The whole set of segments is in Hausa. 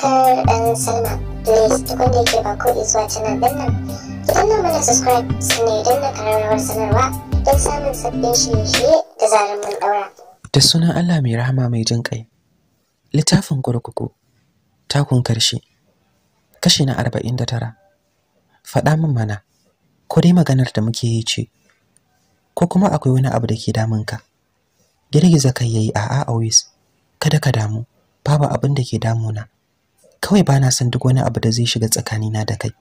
subscribe and sign up. Please tukunde ke ba ko zuwa canal din nan. Ki danna mana subscribe sannan idan na karar sanarwa don samun sabbin shirye-shirye da zarar mun daura. Da sunan Allah mai rahama mai jin ƙai. Littafin kurkuku. Takun ƙarshe, Kashi na arba'in da tara. Faɗa min mana, ko dai maganar da muke yi ce, ko kuma akwai wani abu da ke damunka. Girgiza kai yayi a'a always. Kada ka damu, babu abin da ke damuna. kawai bana son duk wani abu da zai shiga tsakanina da kai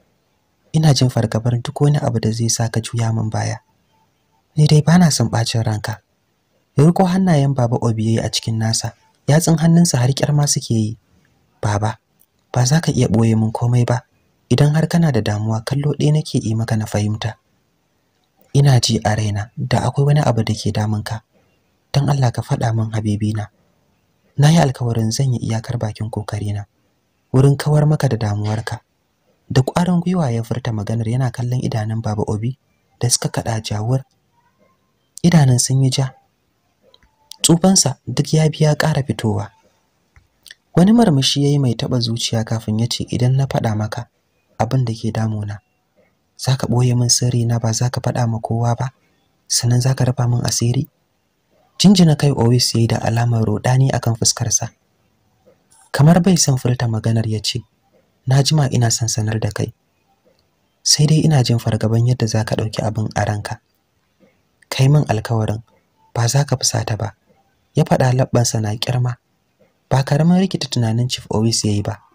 ina jin fargabar duk wani abu da zai sa ka juya min baya ni dai bana son bacin ranka ya riko hannayen baba obiye a cikin nasa yatsun hannunsa har kyar ma suke yi baba ba za ka iya ɓoye min komai ba idan har kana da damuwa kallo ɗaya nake yi maka na fahimta ina ji a raina da akwai wani abu da ke ka. don Allah ka faɗa min habibina na yi alkawarin zan yi iyakar bakin kokarina wurin kawar maka da damuwarka da ƙwarin gwiwa ya furta maganar yana kallon idanun baba obi da suka kaɗa jawur idanun sun yi ja tsufansa duk ya biya ƙara fitowa wani marmashi ya yi mai taɓa zuciya kafin ya ce idan na faɗa maka abin da ke damuna za ka ɓoye min sirri na ba za ka faɗa ma kowa ba sannan za ka rufa min asiri jinjina kai Owis ya yi da alamar roɗani akan fuskarsa kamar bai san furta maganar ya ce na jima ina son sanar da kai sai dai ina jin fargaban yadda za ka ɗauki abin a ranka kai min alkawarin ba za ka fusata ba ya faɗa labbansa na kirma ba karamin rikita tunanin chief owis ya yi ba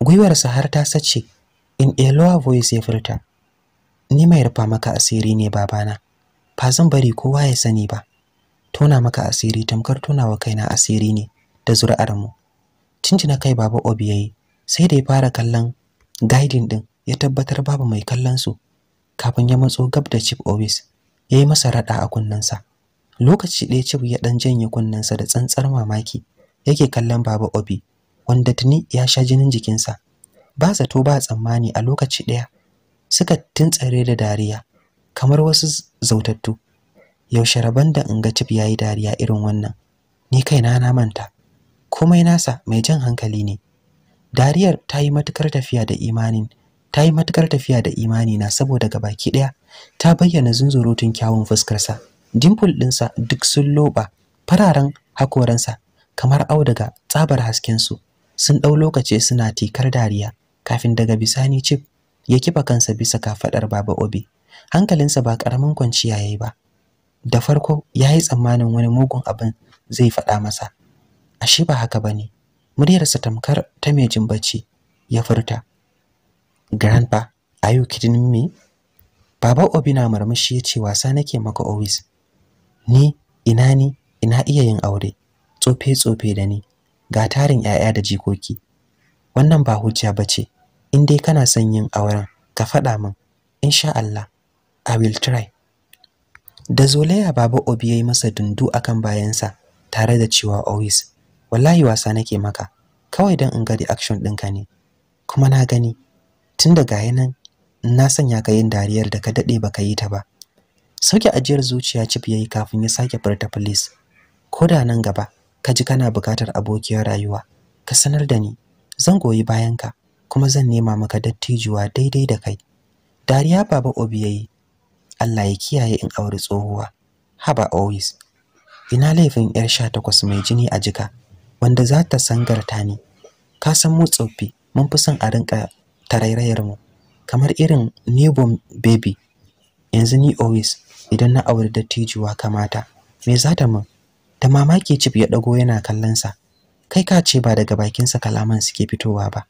gwiwarsa har ta sace in a lower voice ya furta ni mai rufa maka asiri ne babana ba zan bari kowa ya sani ba tona maka asiri tamkar tonawa kaina asiri ne da zuri'armu cincina kai baba obi yayi sai da ya fara kallon guiding din ya tabbatar babu mai kallon su kafin ya matso gab da chief obis yi masa rada a kunnensa lokaci ɗaya chief ya dan janye kunnensa da tsantsar mamaki yake kallon baba obi wanda tuni ya sha jinin jikinsa ba zato ba tsammani a lokaci ɗaya suka tuntsare da dariya kamar wasu zautattu yaushe rabon da in ga chief yayi dariya irin wannan ni kaina na manta komai nasa mai jan hankali ne dariyar ta yi matukar tafiya da imanin ta yi matukar tafiya da imani na saboda gabaki ɗaya ta bayyana zunzurutun kyawun fuskarsa dimple ɗinsa duk sun loɓa fararen hakoransa kamar auduga tsabar haskensu sun ɗau lokaci suna tikar dariya kafin daga bisani cif ya kifa kansa bisa kafaɗar baba obi hankalinsa ba ƙaramin kwanciya ya yi ba da farko ya yi tsammanin wani mugun abin zai faɗa masa ashe ba haka bane muryarsa tamkar ta mai jin bacci ya furta grandpa are you kidding me baba obi na murmushi ya ce wasa nake maka always ni ina ni ina iya yin aure tsofe tsofe da ni ga tarin 'ya'ya da jikoki wannan ba hujja bace in dai kana son yin auren ka faɗa min insha Allah I will try da zolaya baba obi ya yi masa dundu akan bayansa tare da cewa always wallahi wasa nake maka kawai don in ga reaction ɗinka ne kuma na gani tun da gaya nan na sanya ka yin dariyar da ka daɗe ba ka yi ta ba sauke ajiyar zuciya cif yi kafin ya sake furta filis ko da nan gaba ka ji kana buƙatar abokiyar rayuwa ka sanar da ni zan goyi bayanka kuma zan nema maka dattijuwa daidai da kai dariya baba obi ya yi. Allah ya kiyaye in auri tsohuwa haba always ina laifin yar sha takwas mai jini a jika wanda za ta sangarta ni ka san mu tsoffi mun fi son a rinka tarairayar mu kamar irin newborn baby yanzu ni always idan na aure dattijuwa kamata me za ta min da mamaki cif ya dago yana kallon sa kai ka ce ba daga bakin sa kalaman suke fitowa ba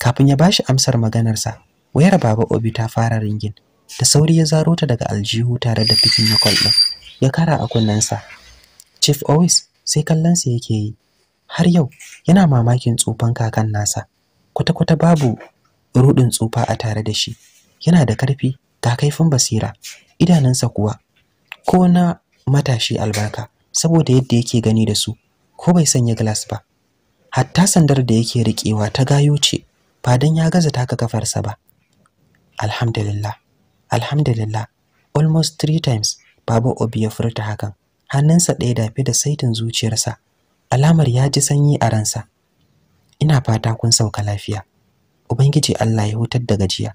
kafin ya bashi amsar maganarsa wayar baba obi ta fara ringin da sauri ya zaro ta daga aljihu tare da fikin na kwallo ya kara a kunnensa chief always sai kallon sa yake yi har yau yana mamakin tsufan kakan nasa kwata-kwata babu rudin tsufa a tare da shi yana da karfi ga kaifin basira idanunsa kuwa ko na matashi albarka saboda yadda yake gani da su ko bai sanya glass ba hatta sandar da yake riƙewa ta gayo ce ba don ya gaza taka kafarsa ba alhamdulillah alhamdulillah almost three times baba obi ya furta hakan hannunsa ɗaya dafe da saitin zuciyarsa alamar ya ji sanyi a ransa ina fata kun sauka lafiya ubangiji Allah ya hutar da gajiya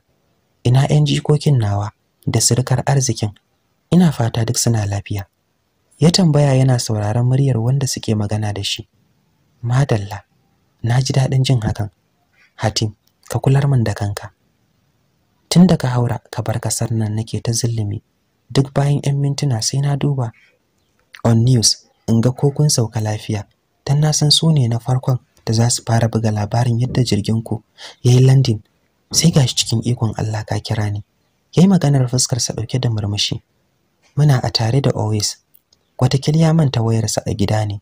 ina yan jikokin nawa da surkar arzikin ina fata duk suna lafiya ya tambaya yana sauraron muryar wanda suke magana da shi madalla na ji daɗin jin hakan hatim ka kular min da kanka tun daga ka haura ka bar kasar nan nake ta zulumi duk bayan 'yan mintuna sai na duba on news in ga ko kun sauka lafiya dan na san su ne na farkon da za su fara buga labarin yadda jirgin ku ya yi landin sai ga shi cikin ikon Allah ka kira ni yayi maganar fuskarsa sa dauke da murmushi muna a tare da always wata ya manta wayarsa a gida ne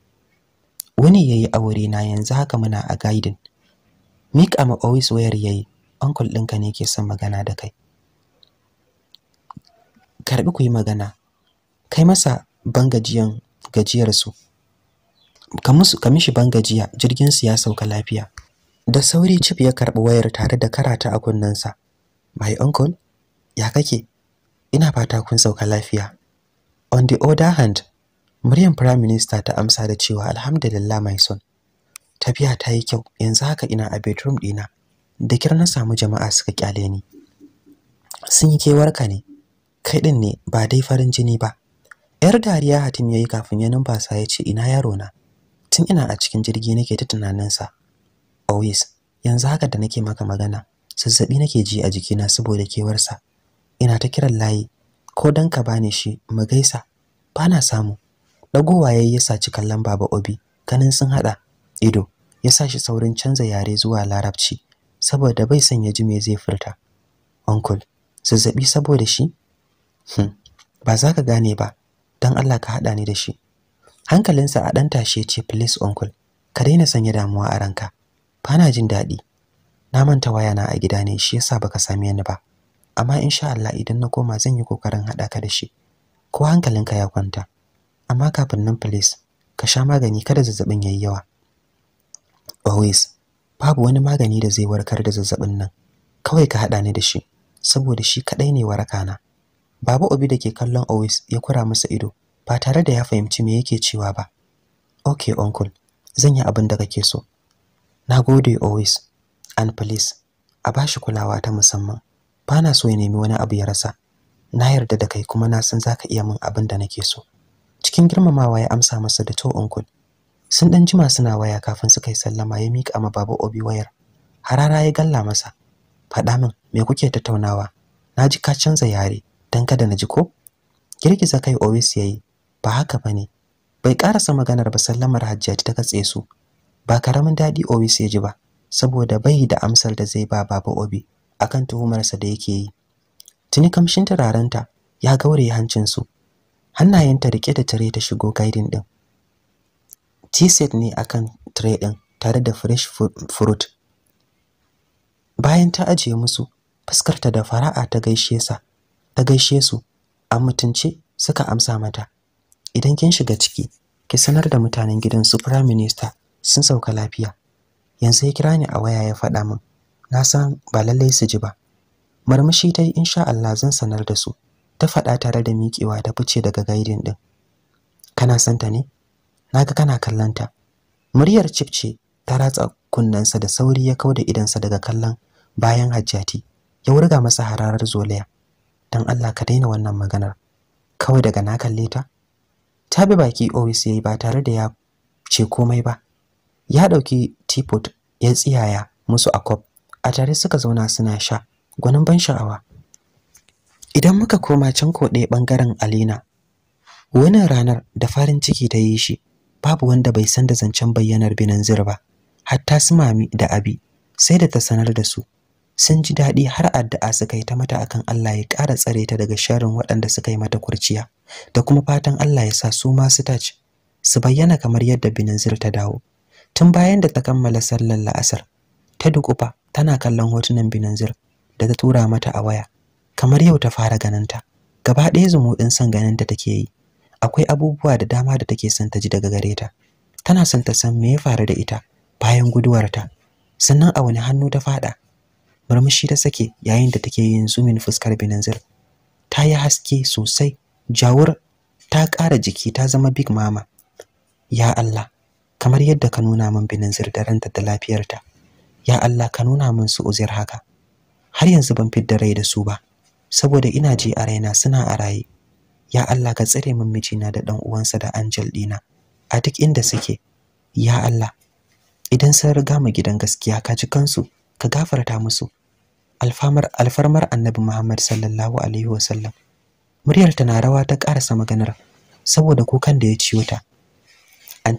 wani yayi aure na yanzu haka muna a gaidin. mika ma always wayar yayi uncle ɗinka ne ke son magana da kai Karɓi ku yi magana kai masa ban gajiyan gajiyarsu ka mishi bangajiya jirgin ya sauka lafiya da sauri chip ya karɓi wayar tare da karata a kunnensa my uncle ya kake ina fata kun sauka lafiya on the other hand muryan prime minister ta amsa da cewa alhamdulillah my son tafiya ta yi kyau yanzu haka ina a bedroom ɗina. da kira na samu jama'a suka kyale ni sun yi kewarka ne kai din ne ba dai farin jini ba yar dariya hatim yayi kafin ya numfasa ya ce ina yaro na tun ina a cikin jirgi nake ta tunaninsa always yanzu haka da nake maka magana zazzabi nake ji a jikina saboda kewarsa ina ta kiran layi ko dan ka bani shi mu gaisa bana samu dagowa yayi yasa saci kallon baba obi kanin sun hada ido ya sa shi saurin canza yare zuwa larabci saboda bai san ya ji me zai furta uncle zazzabi saboda shi hmm, ba za ka gane ba dan Allah ka hada ni da shi hankalinsa a ɗan tashe ce please uncle ka daina sanya damuwa a ranka ba na jin daɗi na manta wayana a gida ne shi yasa baka sami ni ba amma insha Allah idan na koma zan yi kokarin haɗa ka da shi ko hankalinka ya kwanta amma kafin nan please ka sha magani kada zazzabin yayi yawa always babu wani magani da zai warkar da zazzabin nan kawai ka haɗa ni da shi saboda shi kaɗai ne waraka na baba obi da ke kallon always ya kura masa ido ba tare da ya fahimci me yake cewa ba okay uncle zan yi abin da kake so nagode always and please a bashi kulawa ta musamman bana so ya nemi wani abu ya rasa na yarda da kai kuma na san zaka iya min abin da nake so cikin girmamawa ya amsa masa da to uncle sun dan jima suna waya kafin su kai sallama ya mika ma baba obi wayar harara ya galla masa faɗa min me kuke tattaunawa na ji ka canza yare dan kada na ji ko girgiza kai always yayi ba haka ba ne bai karasa maganar ba sallamar hajjaji ta katse su ba karamin daɗi obi sai ji ba saboda bai da amsar da zai ba baba obi a kan tuhumarsa da yake yi tuni kamshin turarenta ya gaure hancinsu hannayenta riƙe da tare ta shigo gaidin ɗin. t-set ne akan tray ɗin, tare da fresh fruit bayan ta ajiye musu fuskarta da fara'a ta gaishe sa ta gaishe su a mutunce suka amsa mata idan kin shiga ciki ki sanar da mutanen gidan su prime minister sun sauka lafiya yanzu ya kira ni a waya ya faɗa min na san ba lallai su ji ba marmashi ta yi insha Allah zan sanar da su ta faɗa tare da miƙewa ta fice daga gaidin din kana santa ne Na naga kana kallanta muryar cipce ta ratsa kunnensa da sauri ya kauda idansa daga kallon bayan hajjati ya wurga masa hararar zolaya dan Allah ka daina wannan maganar kawai daga na kalle ta ta bi baki Owis yayi ba tare da ya ce komai ba ya dauki teapot ya tsiyaya musu a kwaf a tare suka zauna suna sha gwanin ban sha'awa idan muka koma can ko ɗaya bangaren Alina wannan ranar da farin ciki ta yi shi babu wanda bai san da zancen bayyanar Binanzir ba hatta su mami da abi sai da ta sanar da su sun ji daɗi har addu'a suka yi ta mata akan Allah ya ƙara tsare ta daga sharin waɗanda suka yi mata kurciya da kuma fatan Allah ya sa su ma su tace su bayyana kamar yadda Binanzir ta dawo tun bayan da ta kammala sallar la'asar ta dukufa tana kallon hotunan Binanzir da ta tura mata a waya kamar yau ta fara ganinta gaba ɗaya zumuɗin son ta take yi akwai abubuwa da dama da take son ta ji daga gare ta tana son ta san me ya faru da ita bayan guduwarta sannan a wani hannu ta faɗa, murmushi ta sake yayin da take yin zumin fuskar Binanzir ta yi haske sosai jawur ta ƙara jiki ta zama big mama ya Allah kamar yadda ka nuna min binin zirdaranta da lafiyarta ya Allah ka nuna min su uzir haka har yanzu ban fidda rai da su ba saboda ina ji a raina suna a raye ya Allah ka tsare min mijina da dan uwansa da angel ɗina. a duk inda suke ya Allah idan sun riga mu gidan gaskiya ka ji kansu ka gafarta musu alfarmar annabi Muhammad sallallahu alaihi wasallam muryar ta na rawa ta karasa maganar saboda kukan da ya ciyo ta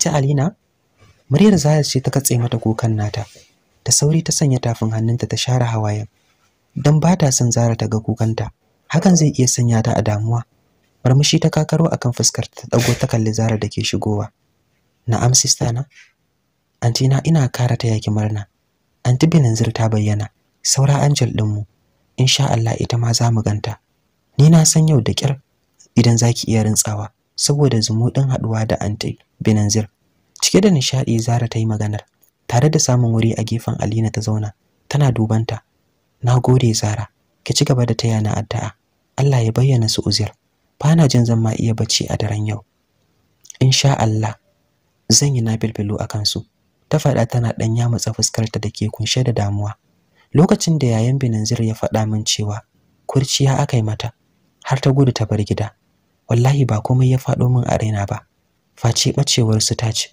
ci alina muryar zahir ce ta katse mata kukan nata da sauri ta sanya tafin hannunta ta share hawayen don ba ta son zara ta ga kukanta hakan zai iya sanya ta a damuwa murmushi ta kakaro akan fuskar ta dago ta kalli zara da ke shigowa na'am sista na anti na ina kara ta yaki murna anti binanzir ta bayyana saura angel dinmu insha Allah ita ma za mu ganta ni na san yau da kyar idan zaki iya rintsawa saboda zumuɗin haɗuwa da anti binanzir cike da nishadi zara ta yi maganar tare da samun wuri a gefen alina ta zauna tana dubanta na gode zara ki ci gaba da taya na addu'a allah ya bayyana su uzir ba na jin zan ma iya bacci a daren yau insha allah zan yi na bilbilo a kansu ta faɗa tana ɗanya matsa fuskarta da ke kunshe da damuwa lokacin da yayan binanzir ya faɗa min cewa kurciya aka yi mata har ta gudu ta bar gida wallahi ba komai ya faɗo min a raina ba face bacewar su ta ce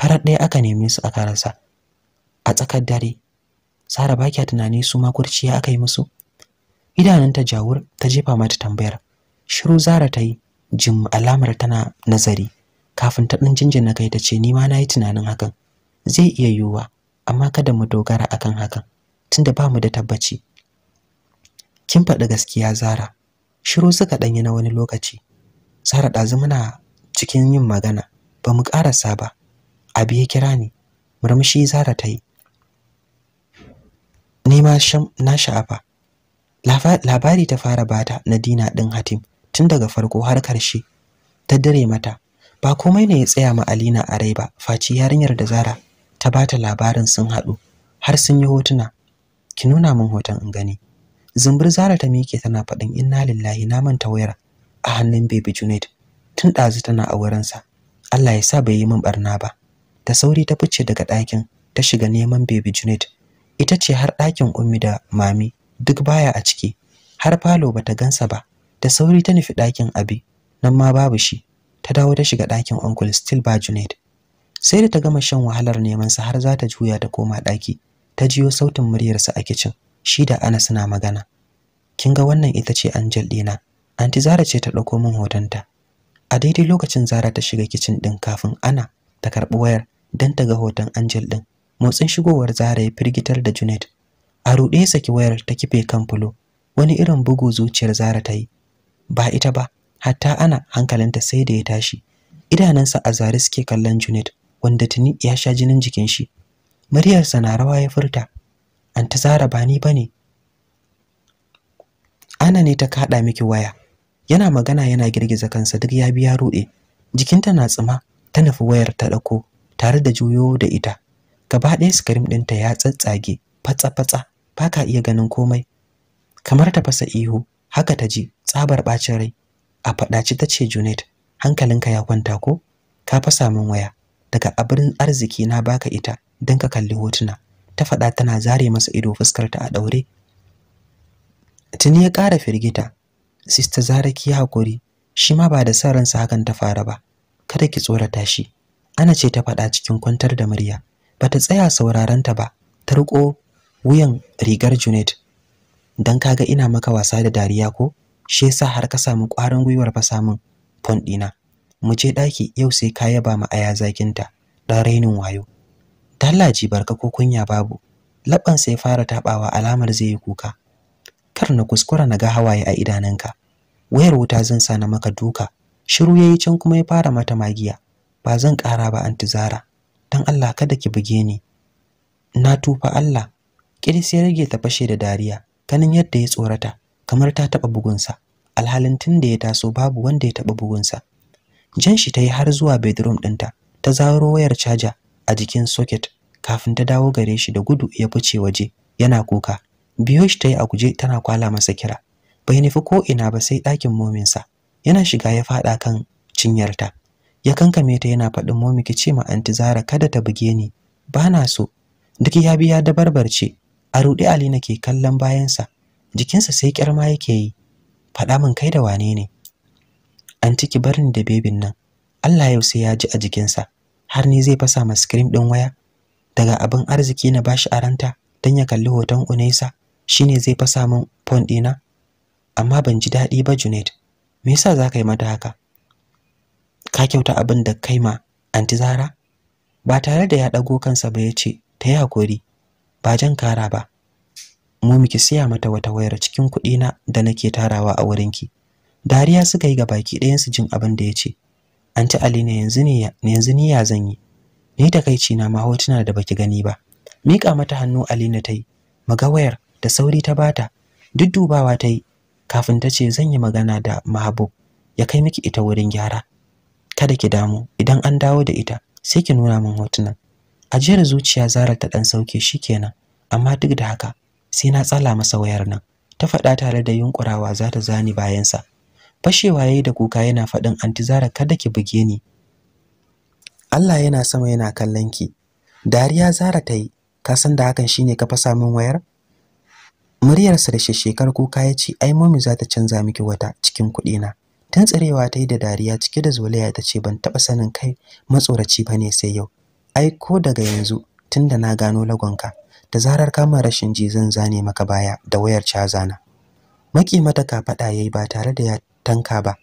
farar ɗaya aka neme su a karansa a tsakar dare Sara ba kya tunani su ma kurciya aka yi musu ta jawur ta jefa mata tambayar shiru Zara ta yi jim alamar tana nazari kafin ta ɗan na kai ta ce nima ma na yi tunanin hakan zai iya yiwuwa amma kada mu dogara akan hakan tunda ba mu da tabbaci kin faɗi gaskiya Zara shiru suka ɗanyi na wani lokaci sara ɗazu muna cikin yin magana ba mu ƙarasa ba abi ya kira ni murmushi zara ta yi ni ma na sha'afa labari ta fara bata na dina ɗin hatim tun daga farko har ƙarshe ta dare mata ba komai ne ya tsaya ma alina a rai ba faci yarinyar da zara ta bata labarin sun haɗu har sun yi hotuna ki nuna min hoton in gani zumbur zara ta miƙe tana faɗin inna lillahi na manta wayar a hannun baby junaid tun ɗazu tana a wurinsa allah ya sa bai yi min barna ba da sauri ta fice daga ɗakin ta shiga neman baby junaid ita ce har ɗakin ummi da mami duk baya a ciki har falo bata gansa ba da sauri ta nufi ɗakin abi nan ma babu shi ta dawo ta shiga ɗakin uncle still ba junaid sai da ta gama shan wahalar neman sa har za ta juya ta koma ɗaki ta jiyo sautin muryarsa a kicin shi da ana na magana kin ga wannan ita ce Angel dina anti Zara ce ta dauko min hotonta a daidai lokacin Zara ta shiga kitchen din kafin Ana ta karbi wayar dan ta ga hoton Angel din motsin shigowar Zara ya firgitar da Junet a rude ya saki wayar ta kife kan fulo wani irin bugu zuciyar Zara ta yi ba ita ba hatta Ana hankalinta sai da ya tashi idanansa a zare suke kallon Junet wanda tuni ya sha jinin jikin shi muryarsa na rawa ya furta an ta zara ba ni bane ana ne ta kada miki waya yana magana yana girgiza kansa duk ya biya rude jikinta na tsima ta nufi wayar ta dauko tare da juyo da ita gaba ɗaya screen ɗinta ya tsatsage fatsa-fatsa baka iya ganin komai kamar ta fasa ihu haka ta ji tsabar bacin rai a faɗaci ta ce junet hankalinka ya kwanta ko ka fasa min waya daga abrin arziki na baka ita dan ka kalli hotuna ta faɗa tana zare masa ido fuskarta a ɗaure tuni ya ƙara firgita sista zaraki ya haƙuri shi ma ba da son ransa hakan ta fara ba kada ki tsorata shi ana ce ta faɗa cikin kwantar da murya Ba ta tsaya sauraron ta ba ta riko wuyan rigar Junet dan kaga ina maka wasa da dariya ko shi yasa har ka samu ƙwarin gwiwar fa samun fon ɗina mu je ɗaki yau sai ka yaba ma aya zakinta dan rainin wayo Dallaji barka ko kunya babu. Laban sai fara tabawa alamar zai yi kuka. Kar na kuskura na ga hawaye a idananka. Wayar wuta zan sa na maka duka. Shiru yayi can kuma ya fara mata magiya. Ba zan ƙara ba anti Zara. Dan Allah kada ki buge ni. Na tufa Allah. Kiris ya rage ta fashe da dariya. Kanin yadda ya tsorata kamar ta taba bugunsa. Alhalin tun da ya taso babu wanda ya taba bugunsa. Jan shi ta yi har zuwa bedroom ɗinta. Ta zaro wayar caja a jikin socket kafin ta dawo gare shi da gudu ya fice waje yana kuka biyo shi ta yi a guje tana kwala masa kira bai nufi ko ina ba sai ɗakin mominsa yana shiga ya faɗa kan cinyarta ya kankame ta yana faɗin momi ki ce ma anti zara kada ta buge ni ba na so duk ya biya da barbarce a ruɗe ali nake kallon bayansa jikinsa sai kyarma yake yi faɗa min kai da wane ne anti ki bar da bebin nan Allah yau sai ya ji a jikinsa har ni zai fasa ma screen ɗin waya daga abin arziki na bashi a ranta don ya kalli hoton Unaisa shine zai fasa min phone ɗina amma ban ji daɗi ba Junaid me yasa za ka yi mata haka ka kyauta abin da kai ma anti Zara ba tare da ya ɗago kansa ba yace ce ta yi hakuri ba jan kara ba mu miki siya mata wata wayar cikin na da nake tarawa a wurin ki. dariya suka yi ga baki su jin abin da ya ce anti Ali ne yanzu ne yanzu ni ya zan ni takaici na ma hotuna da baki gani ba mika mata hannu Alina tai Muga wayar da sauri ta bata duddubawa tai kafin ta ce zan yi magana da Mahabub ya kai miki ita wurin gyara kada ki damu idan an dawo da ita sai ki nuna min hotunan ajiyar zuciya Zara ta dan sauke shikenan amma duk da haka sai na tsala masa wayar nan ta faɗa tare da yunkurawa za ta zani bayansa fashewa yayi da kuka yana faɗin anti Zara kada ki buge ni Allah yana sama yana kallon ki dariya zara ta yi ka san da hakan shine ka fasa min wayar muryarsa da shekar kuka ya ce ai mami za ta canza miki wata cikin kuɗi na tsarewa ta yi da dariya cike da zolaya ta ce ban taɓa sanin kai matsoraci ba ne sai yau ai ko daga yanzu tunda na gano lagonka da zarar kama rashin ji zan zane maka baya da wayar cazana maki mata ka faɗa yayi ba tare da ya tanka ba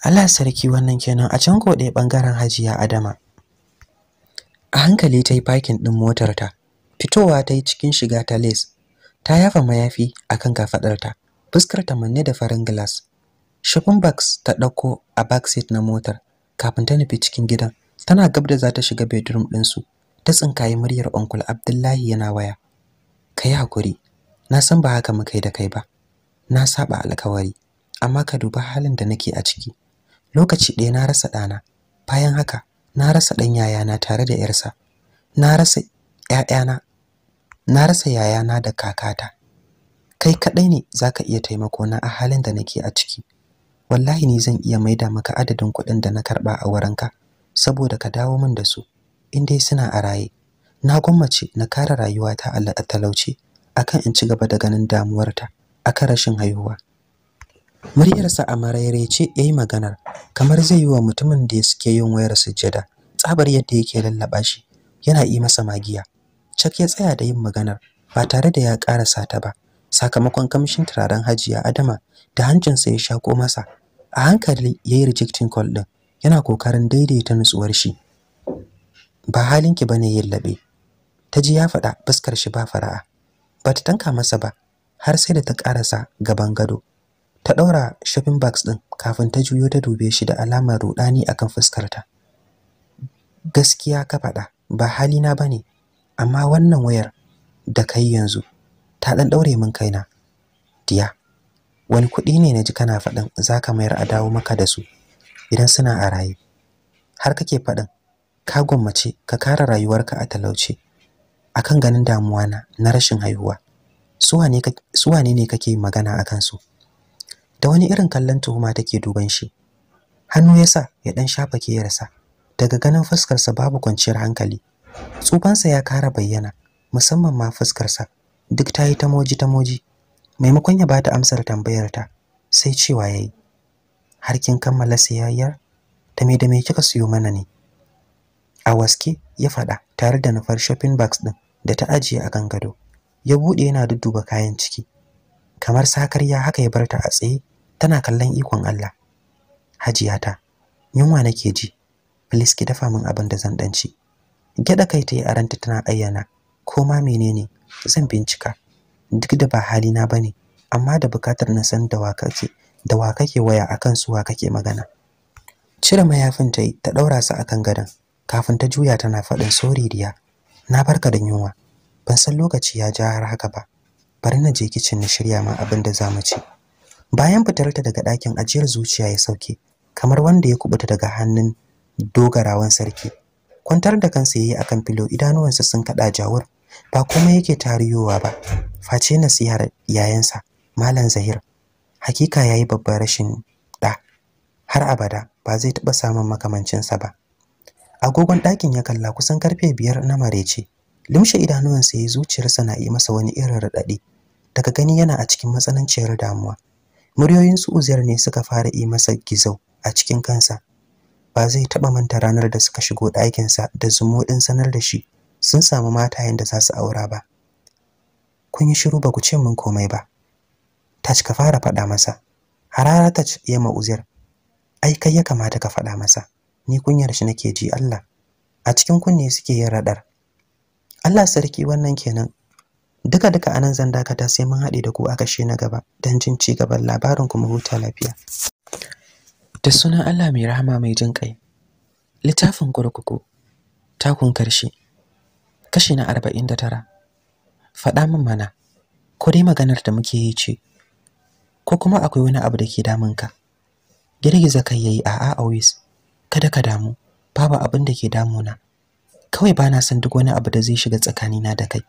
Allah sarki wannan kenan a can ko dai ɓangaren hajiya Adama. A hankali ta yi din ɗin ta. fitowa ta yi cikin shiga ta les, ta yafa mayafi akan kafadar ta. kafaɗarta, ta manne da farin glass Shopping bags ta dauko a seat na motar kafin ta nufi cikin gidan, tana gab da za ta shiga bedroom ɗinsu, ta tsinkaye muryar Uncle Abdullahi yana waya. Ka hakuri, na san ba haka mukai kai da kai ba, na saba alƙawari. amma ka duba halin da nake a ciki. lokaci ɗaya na rasa ɗana bayan haka na rasa ɗan yayana tare da yarsa na rasa 'ya'yana na rasa yayana da kakata kai kaɗai ne za ka iya taimako na a halin da nake a ciki wallahi ni zan iya maida maka adadin kuɗin da na karɓa a wurinka saboda ka dawo min da su in dai suna a raye na gwammace na kare rayuwata a talauci akan in ci gaba da ganin damuwarta akan rashin haihuwa muryarsa a marairaice ya yi maganar kamar zai yi wa mutumin da suke yin wayar sujjada tsabar yadda yake lallaɓa shi yana yi masa magiya cak ya tsaya da yin maganar ba tare da ya ƙarasa ta ba sakamakon kamshin turaren hajiya adama da hancinsa ya shako masa a hankali ya yi rejectin call ɗin yana kokarin daidaita nutsuwar shi ba halin ki bane yin laɓe ta ji ya faɗa fuskar shi ba fara'a ba ta tanka masa ba har sai da ta ƙarasa gaban gado ta ɗaura shopping bags ɗin kafin ta juyo ta dube shi da alamar rudani akan fuskarta gaskiya ka faɗa ba hali na bane amma wannan wayar da kai yanzu ta ɗan ɗaure min kaina diya wani kuɗi ne na ji kana faɗin zaka mayar a dawo maka da su idan suna a raye har kake faɗin ka gwammace ka kare rayuwarka a talauci akan ganin damuwa na na rashin haihuwa su wane ne kake magana a kansu da wani irin kallon tuhuma take duban shi hannu ya sa ya ɗan shafa kiyarsa daga ganin fuskarsa babu kwanciyar hankali tsufansa ya kara bayyana musamman ma fuskarsa duk ta yi tamoji tamoji maimakon ya bata amsar tambayar ta sai cewa yayi har kin kammala siyayyar ta me da me kika siyo mana ne a waske ya faɗa tare da nufar shopping bags ɗin da ta ajiye a gangado ya buɗe yana dudduba kayan ciki kamar sakarya haka ya barta a tsaye tana kallon ikon Allah hajiyata yunwa nake ji please ki dafa min abin da zan dan ci gyada kai ta yi aranta tana ayyana ko ma menene zan bincika duk da ba hali na bane amma da bukatar na san da wa kake da wa kake waya akan su wa kake magana cire mayafin ta yi ta daura su akan gadon kafin ta juya tana faɗin sorry riya. na barka da yunwa ban san lokaci ya ja har haka ba bari na je kicin na shirya ma abin da za mu ci bayan fitarta daga ɗakin ajiyar zuciya ya sauke kamar wanda ya kubuta daga hannun dogarawan sarki kwantar da kansa yayi akan filo idanuwansa sun kada jawur ba komai yake tariyowa ba face na siyar yayansa malam zahir hakika yayi babbar rashin da har abada ba zai taba samun makamancinsa ba agogon ɗakin ya kalla kusan karfe biyar na marece limshe idanuwansa yayi zuciyarsa na yi masa wani irin raɗaɗi daga gani yana a cikin matsananciyar damuwa muryoyin su uzair ne suka fara yi masa gizo a cikin kansa ba zai taba manta ranar da suka shigo ɗakin sa da zumuɗin sanar da shi sun samu matayen da za su aura ba kun yi shiru ba ku ce min komai ba Tach ka fara faɗa masa harara Tach ya ma uzair ai kai ya kamata ka faɗa masa ni kunyar shi nake ji Allah a cikin kunne suke yin radar Allah sarki wannan kenan duka duka nan zan dakata sai mun haɗe da ku a kashe na gaba don jin ci gaban labarin kuma huta lafiya da sunan Allah mai rahama mai jin kai littafin kurkuku takun karshe kashi na 49 faɗa min mana ko dai maganar da muke yi ce ko kuma akwai wani abu da ke damunka girgiza kai yayi a'a always kada ka damu babu abin da ke damuna kawai bana son duk wani abu da zai shiga tsakanina da kai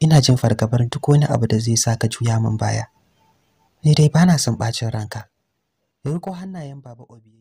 ina jin fargabar duk wani abu da zai saka juya min baya ni dai bana son ɓacin ranka riko hannayen baba obi